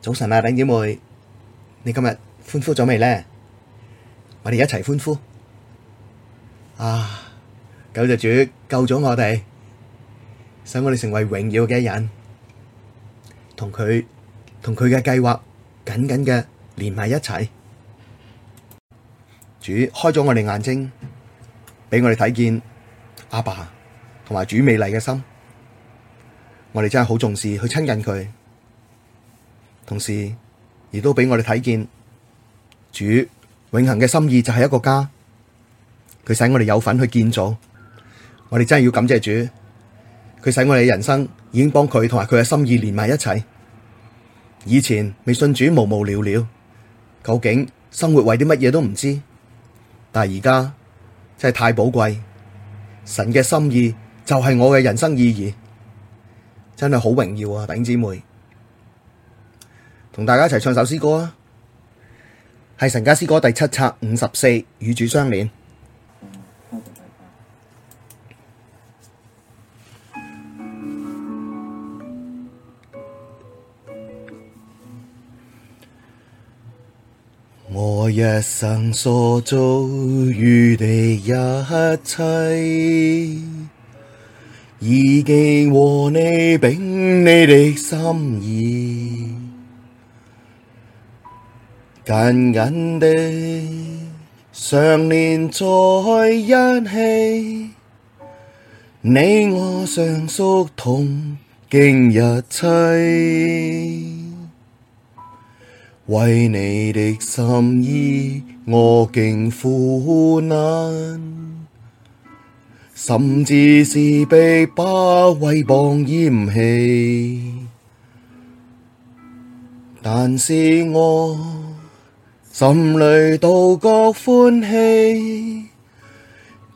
早晨啊，林姐妹，你今日歡呼咗未呢？我哋一齊歡呼啊！救世主救咗我哋，使我哋成為榮耀嘅人，同佢同佢嘅計劃緊緊嘅連埋一齊。主開咗我哋眼睛，畀我哋睇見阿爸同埋主美麗嘅心，我哋真係好重視去親近佢。同時，亦都俾我哋睇見主永恆嘅心意就係一個家，佢使我哋有份去建造，我哋真係要感謝主，佢使我哋嘅人生已經幫佢同埋佢嘅心意連埋一齊。以前未信主，無無了了，究竟生活為啲乜嘢都唔知，但係而家真係太寶貴，神嘅心意就係我嘅人生意義，真係好榮耀啊！頂姊妹。同大家一齊唱首詩歌啊！係《神家詩歌》第七冊五十四，與主相連。我一生所遭遇的一切，已經和你並你的心意。緊緊地相連在一起，你我相屬同經一切，為你的心意我經苦難，甚至是逼迫、毀謗、厭棄，但是我，心裡倒覺歡喜，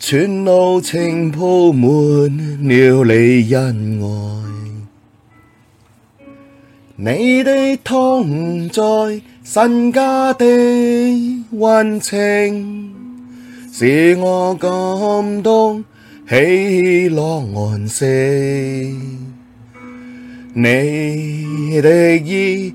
全路程鋪滿了你恩愛，你的同在，神家的溫情，使我感動，喜樂，安息，你的意。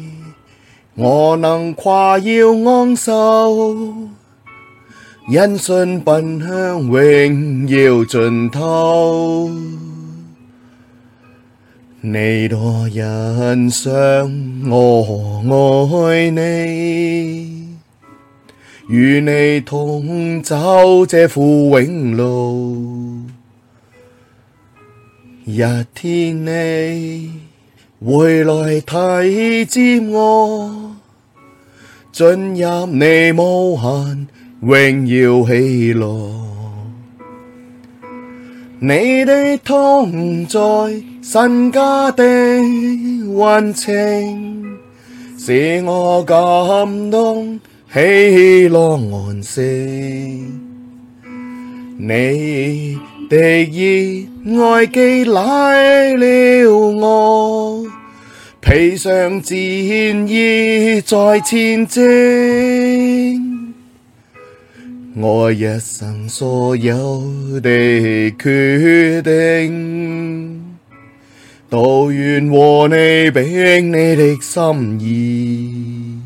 我能誇耀昂首，因信奔向榮耀盡頭。你多欣賞，我愛你，與你同走這苦榮路，一天回來提接我，進入你無限榮耀喜樂。你的同在神家的溫情，使我感動，喜樂安息。你。祢的熱愛激勵了我，披上戰衣再前征，我一生所有的決定，都願和祢比並祢的心意，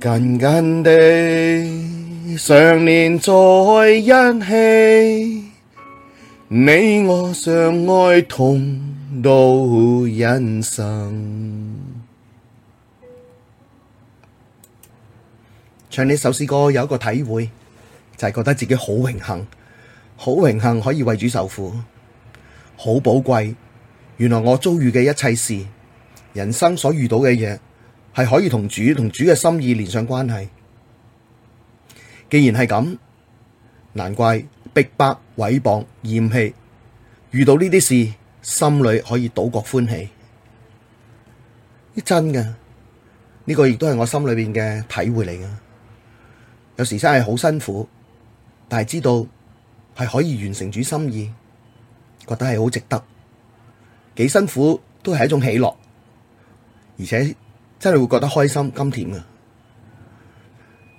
緊緊的。常年相連在一起，你我相愛同度人生。唱呢首詩歌有一個體會，就係覺得自己好榮幸，好榮幸可以為主受苦，好寶貴。原來我遭遇嘅一切事，人生所遇到嘅嘢，係可以同主，同主嘅心意連上關係。既然係咁，難怪逼迫、毀謗、厭棄，遇到呢啲事，心裏可以倒覺歡喜。啲真噶，呢個亦都係我心裏面嘅體會嚟噶。有時真係好辛苦，但係知道係可以完成主心意，覺得係好值得。幾辛苦都係一種喜樂，而且真係會覺得開心甘甜噶，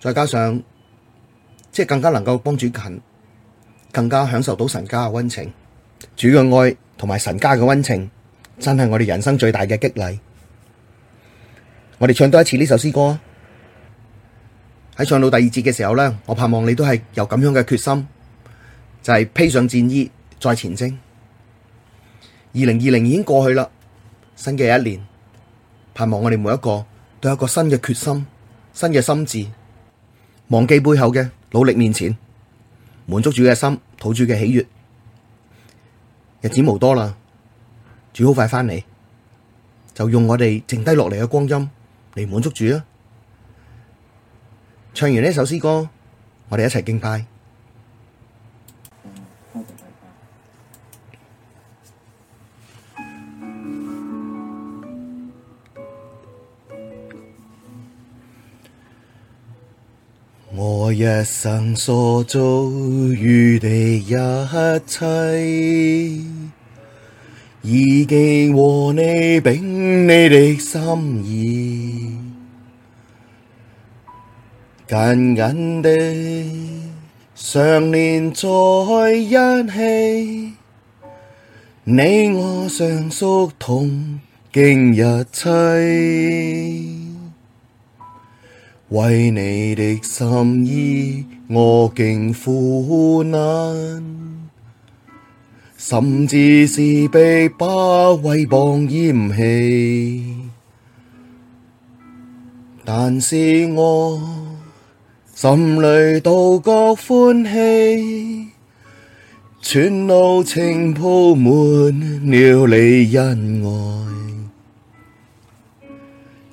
再加上。即係更加能夠幫主近，更加享受到神家嘅溫情。主嘅愛同埋神家嘅溫情，真係我哋人生最大嘅激勵。我哋唱多一次呢首詩歌。喺唱到第二節嘅時候呢，我盼望你都係有咁樣嘅決心，就係披上戰衣再前征。二零二零已經過去啦，新嘅一年，盼望我哋每一個都有一個新嘅決心、新嘅心智，忘記背後嘅。努力面前，滿足主嘅心，討主嘅喜悅。日子冇多啦，主好快翻嚟，就用我哋剩低落嚟嘅光陰嚟滿足主啦。唱完呢首詩歌，我哋一齊敬拜。一生所遭遇的一切，已經和你並你的心意，緊緊的相連在一起，你我相屬，同經一切。為你的心意，我經苦難，甚至是逼迫，毀謗，厭棄，但是我心裡倒覺歡喜，全路程鋪滿了你恩愛。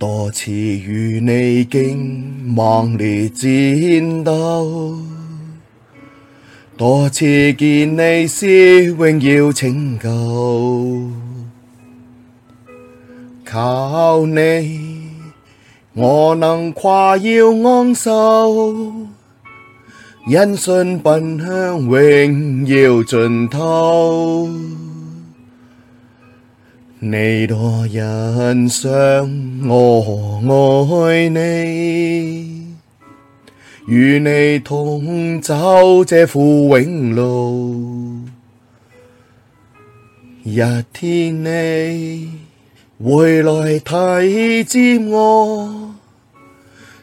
多次與你經猛烈戰鬥，多次見你施榮耀拯救，靠你我能誇耀，昂首，因信奔向榮耀盡頭。你多欣賞我愛你，與你同走這苦榮路，一天你回來提接我，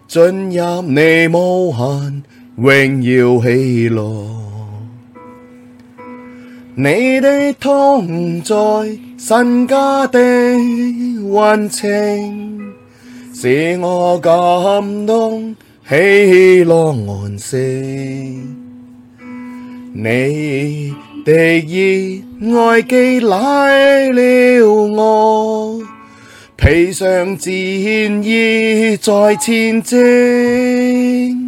進入你無限榮耀喜樂。你的同在神家的溫情，使我感動，喜樂，安息。你的熱愛激勵了我，披上戰衣再前征。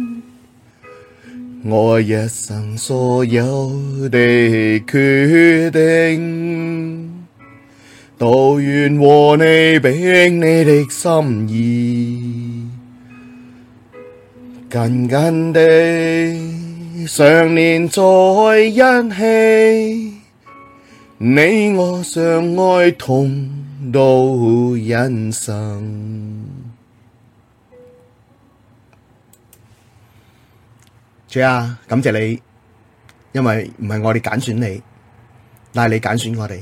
我一生所有的決定，都願和你並你的心意，緊緊地，相連在一起。你我相愛同度人生。主啊，感謝你，因為唔係我哋揀選你，但係你揀選我哋。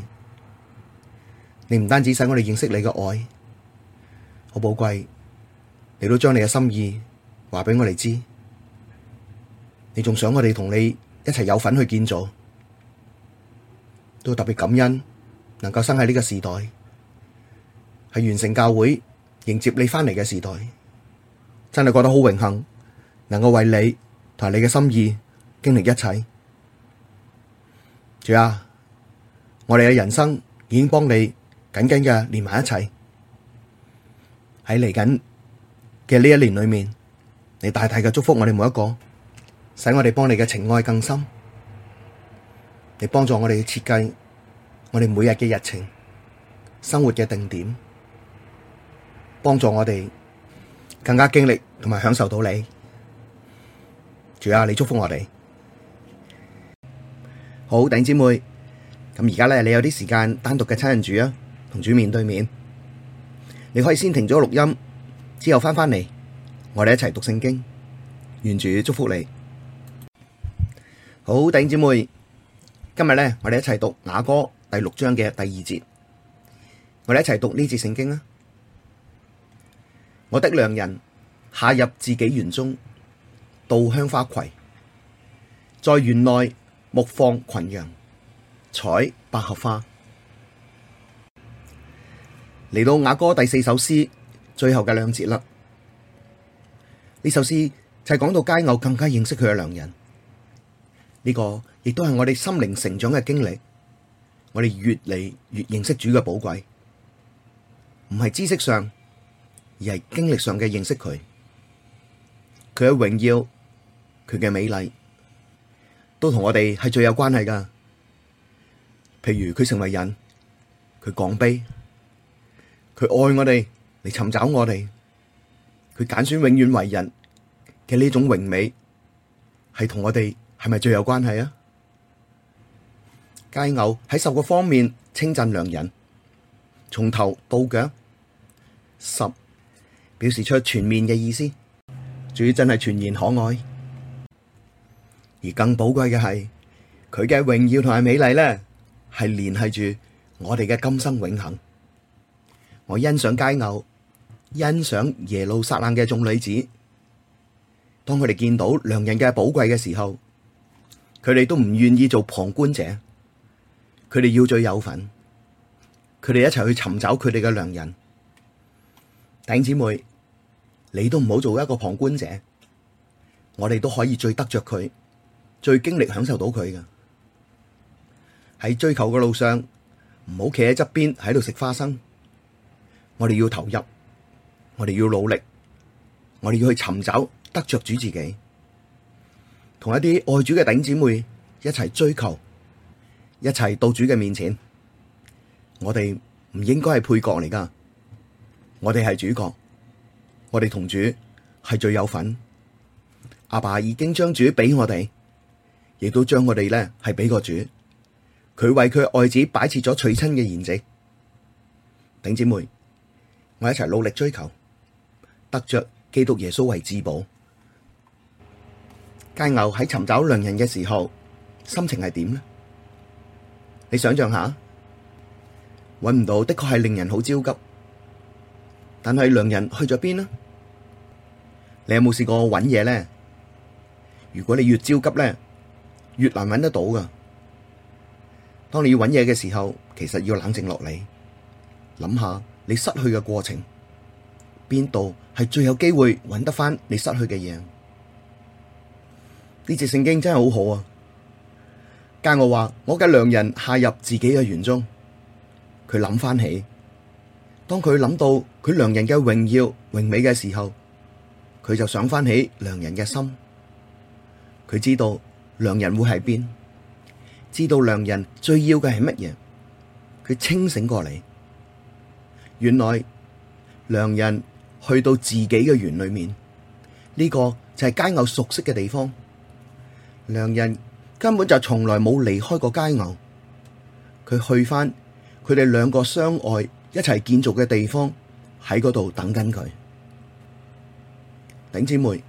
你唔單止使我哋認識你嘅愛，好寶貴，你都將你嘅心意話俾我哋知。你仲想我哋同你一齊有份去建造，都特別感恩能夠生喺呢個時代，係完成教會迎接你翻嚟嘅時代，真係覺得好榮幸能夠為你，同埋你嘅心意經歷一切，主啊，我哋嘅人生已經幫你緊緊嘅連埋一齊。喺嚟緊嘅呢一年裏面，你大大嘅祝福我哋每一個，使我哋幫你嘅情愛更深，你幫助我哋設計我哋每日嘅日程、生活嘅定點，幫助我哋更加經歷同埋享受到你。主啊！你祝福我哋好，弟兄姐妹，咁而家咧，你有啲時間單獨嘅親人住啊，同主面對面，你可以先停咗錄音，之後翻翻嚟，我哋一齊讀聖經，願主祝福你。好，弟兄姐妹，今日咧，我哋一齊讀雅歌第六章嘅第二節，我哋一齊讀呢節聖經啊！我的良人下入自己園中。到香花畦，在園內牧放群羊，採百合花。嚟到雅歌第四首詩最後嘅兩節啦，呢首詩就係講到佳偶更加認識佢嘅良人。呢個亦都係我哋心靈成長嘅經歷，我哋越嚟越認識主嘅寶貴，唔係知識上，而係經歷上嘅認識佢，佢嘅榮耀。佢嘅美麗都同我哋係最有關係噶。譬如佢成為人，佢降卑，佢愛我哋嚟尋找我哋，佢揀選永遠為人嘅呢種榮美，係同我哋係咪最有關係啊？佳偶喺十個方面稱讚良人，從頭到腳十表示出全面嘅意思。主真係全然可愛。而更寶貴嘅係佢嘅榮耀同埋美麗咧，係聯繫住我哋嘅今生永恆。我欣賞佳偶，欣賞耶路撒冷嘅眾女子。當佢哋見到良人嘅寶貴嘅時候，佢哋都唔願意做旁觀者，佢哋要最有份，佢哋一齊去尋找佢哋嘅良人。頂姐妹，你都唔好做一個旁觀者，我哋都可以最得着佢。最經歷享受到佢噶喺追求嘅路上，唔好企喺側邊喺度食花生。我哋要投入，我哋要努力，我哋要去尋找得着主自己，同一啲愛主嘅頂姊妹一齊追求，一齊到主嘅面前。我哋唔應該係配角嚟噶，我哋係主角，我哋同主係最有份。阿爸已經將主俾我哋。亦都將我哋咧係俾個主，佢為佢愛子擺設咗娶親嘅筵席。頂姐妹，我一齊努力追求，得着基督耶穌為至寶。佳偶喺尋找良人嘅時候，心情係點呢？你想象下，搵唔到的確係令人好焦急，但係良人去咗邊呢？你有冇試過搵嘢咧？如果你越焦急咧，越難揾得到噶。當你要揾嘢嘅時候，其實要冷靜落嚟，諗下你失去嘅過程，邊度係最有機會揾得翻你失去嘅嘢？呢隻聖經真係好好啊！雅歌話，我嘅良人下入自己嘅園中，佢諗翻起，當佢諗到佢良人嘅榮耀、榮美嘅時候，佢就想翻起良人嘅心，佢知道。良人會喺邊？知道良人最要嘅係乜嘢？佢清醒過嚟，原來良人去到自己嘅園裏面，呢、這個就係佳偶熟悉嘅地方。良人根本就從來冇離開過佳偶，佢去返佢哋兩個相愛一齊建造嘅地方，喺嗰度等緊佢。頂姊妹，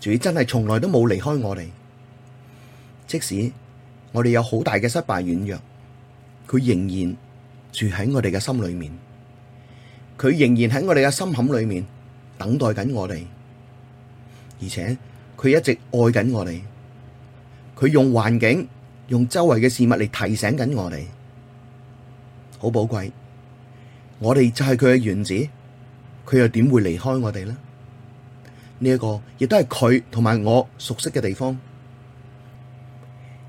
主真係從來都冇離開我哋。即使我哋有好大嘅失敗軟弱，佢仍然住喺我哋嘅心裏面，佢仍然喺我哋嘅心坎裏面等待緊我哋，而且佢一直愛緊我哋，佢用環境、用周圍嘅事物嚟提醒緊我哋，好寶貴。我哋就係佢嘅園子，佢又點會離開我哋呢？呢、這、一個亦都係佢同埋我熟悉嘅地方。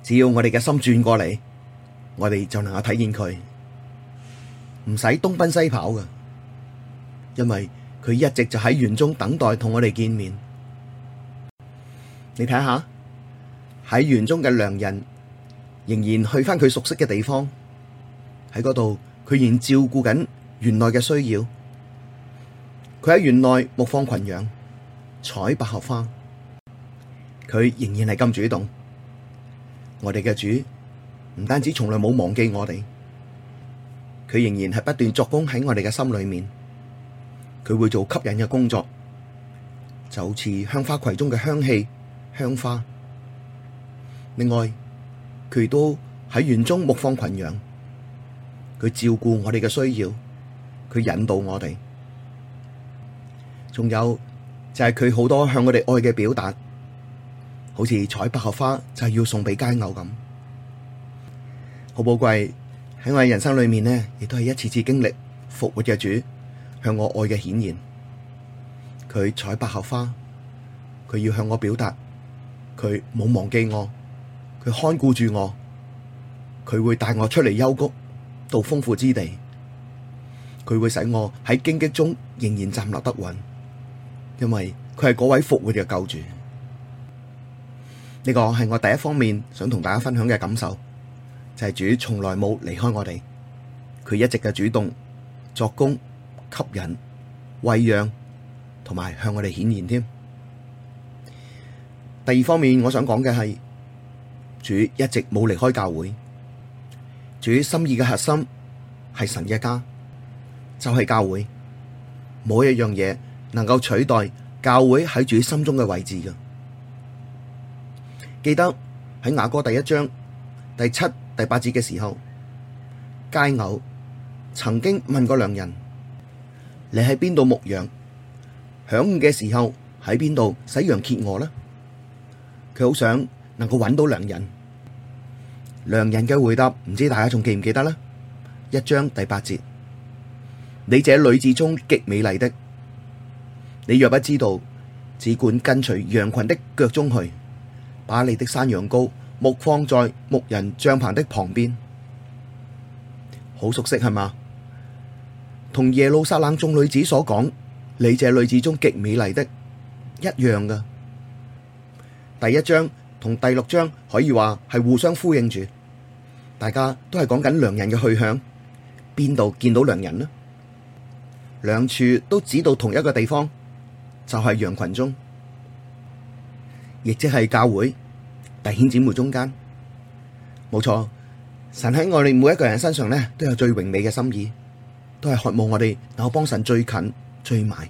只要我哋嘅心轉過嚟，我哋就能夠睇見佢，唔使東奔西跑㗎，因為佢一直就喺園中等待同我哋見面。你睇下喺園中嘅良人，仍然去返佢熟悉嘅地方，喺嗰度佢仍照顧緊園內嘅需要。佢喺園內牧放群羊，採百合花，佢仍然係咁主動。我哋嘅主唔單止從來冇忘記我哋，佢仍然係不斷作工喺我哋嘅心裏面，佢會做吸引嘅工作，就好似香花畦中嘅香氣、香花。另外，佢都喺園中牧放群羊，佢照顧我哋嘅需要，佢引導我哋，仲有就係佢好多向我哋愛嘅表達。好似採百合花就係、是、要送俾佳偶咁，好寶貴喺我人生裏面呢，亦都係一次次經歷復活嘅主向我愛嘅顯現。佢採百合花，佢要向我表達佢冇忘記我，佢看顧住我，佢會帶我出嚟幽谷到豐富之地，佢會使我喺荊棘中仍然站立得穩，因為佢係嗰位復活嘅救主。呢個係我第一方面想同大家分享嘅感受，就係、是、主從來冇離開我哋，佢一直嘅主動作工、吸引、餵養同埋向我哋顯現添。第二方面，我想講嘅係主一直冇離開教會，主心意嘅核心係神嘅家，就係、是、教會，冇一樣嘢能夠取代教會喺主心中嘅位置噶。記得喺雅歌第一章第七、第八節嘅時候，佳偶曾經問過良人：你喺邊度牧羊？晌午嘅時候喺邊度使羊歇卧啦？佢好想能夠揾到良人。良人嘅回答唔知大家仲記唔記得啦？一章第八節：你這女子中極美麗的，你若不知道，只管跟隨羊群的腳蹤去。把你的山羊羔牧放在牧人帳棚的旁邊，好熟悉係嘛？同耶路撒冷眾女子所講，你這女子中極美麗的，一樣噶第一章同第六章可以話係互相呼應住，大家都係講緊良人嘅去向，邊度見到良人呢？兩處都指到同一個地方，就係羊群中。亦即係教會弟兄姊妹中間，冇錯，神喺我哋每一個人身上咧，都有最榮美嘅心意，都係渴望我哋能夠幫神最近最埋。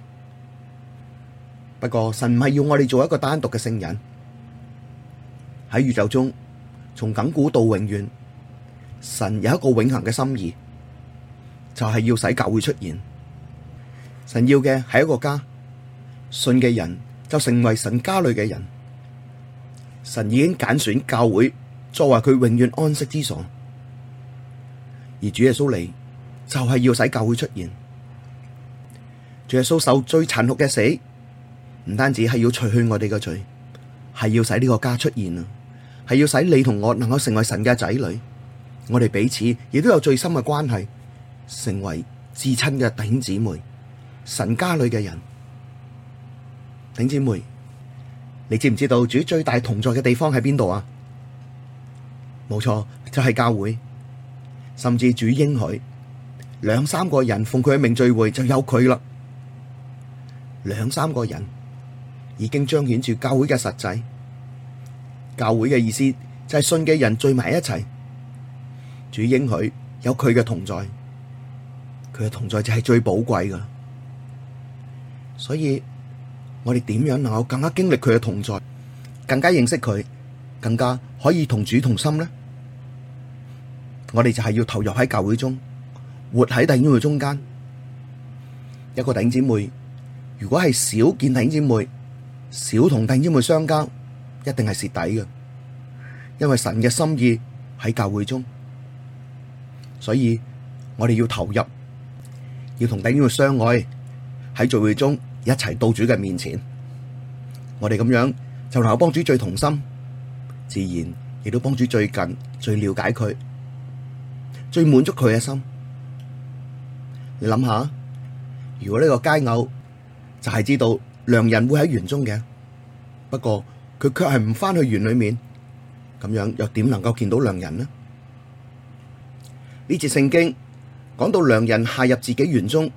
不過神唔係要我哋做一個單獨嘅聖人。喺宇宙中，從亙古到永遠，神有一個永恆嘅心意，就係要使教會出現。神要嘅係一個家，信嘅人就成為神家裏嘅人。神已經揀選教會作為佢永遠安息之所，而主耶穌你就係要使教會出現。主耶穌受最殘酷嘅死，唔單止係要除去我哋嘅罪，係要使呢個家出現啊，係要使你同我能夠成為神嘅仔女，我哋彼此亦都有最深嘅關係，成為至親嘅弟兄姊妹，神家裏嘅人，弟兄姊妹。你知唔知道主最大同在嘅地方喺邊度啊？冇錯，就係、是、教會。甚至主應許兩三個人奉佢嘅名，聚會就有佢啦。兩三個人已經彰顯住教會嘅實際。教會嘅意思就係信嘅人聚埋一齊，主應許有佢嘅同在，佢嘅同在就係最寶貴㗎。所以。我哋點樣能夠更加經歷佢嘅同在，更加認識佢，更加可以同主同心呢？我哋就係要投入喺教會中，活喺弟兄妹中間。一個弟兄姊妹，如果係少見弟兄姊妹，少同弟兄妹相交，一定係蝕底嘅，因為神嘅心意喺教會中。所以，我哋要投入，要同弟兄妹相愛，喺聚會中。一齊到主嘅面前，我哋咁樣就同幫主最同心，自然亦都幫主最近，最了解佢，最滿足佢嘅心。你諗下，如果呢個佳偶就係知道良人會喺園中嘅，不過佢卻係唔翻去園裏面，咁樣又點能夠見到良人呢？呢節聖經講到良人下入自己園中。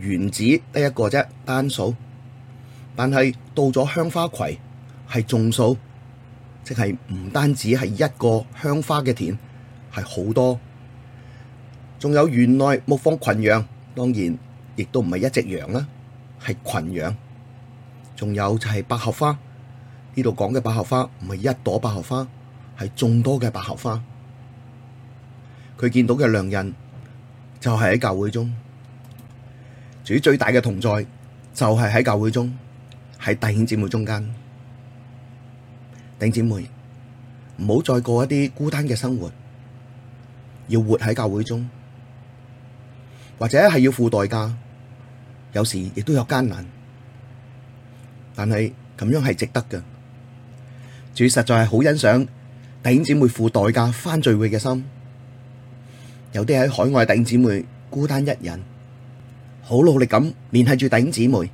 園子得一個啫，單數。但係到咗香花畦，係眾數，即係唔單止係一個香花嘅田，係好多。仲有園內牧放群羊，當然亦都唔係一隻羊啦，係群羊。仲有就係百合花，呢度講嘅百合花唔係一朵百合花，係眾多嘅百合花。佢見到嘅良人，就係、是、喺教會中。主最大嘅同在就係喺教會中，喺弟兄姊妹中間。弟兄姊妹唔好再過一啲孤單嘅生活，要活喺教會中，或者係要付代價，有時亦都有艱難，但係咁樣係值得嘅。主實在係好欣賞弟兄姊妹付代價返聚會嘅心，有啲喺海外弟兄姊妹孤單一人。好努力咁聯繫住弟兄姊妹，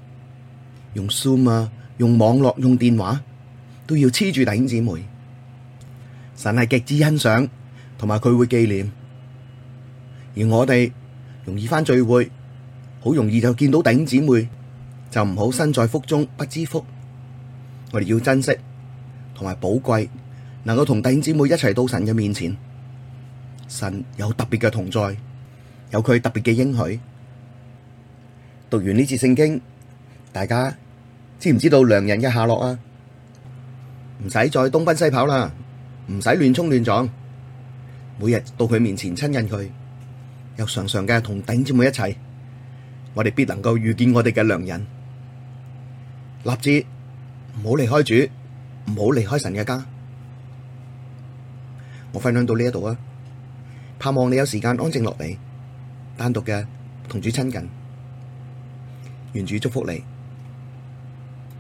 用 Zoom 啊，用網絡，用電話，都要黐住弟兄姊妹。神係極之欣賞，同埋佢會紀念。而我哋容易返聚會，好容易就見到弟兄姊妹，就唔好身在福中不知福。我哋要珍惜同埋寶貴，能夠同弟兄姊妹一齊到神嘅面前，神有特別嘅同在，有佢特別嘅應許。讀完呢節聖經，大家知唔知道良人嘅下落啊？唔使再東奔西跑啦，唔使亂衝亂撞，每日到佢面前親近佢，又常常嘅同弟兄姊妹一齊，我哋必能夠遇見我哋嘅良人。立志唔好離開主，唔好離開神嘅家。我分享到呢一度啊，盼望你有時間安靜落嚟，單獨嘅同主親近。願主祝福你。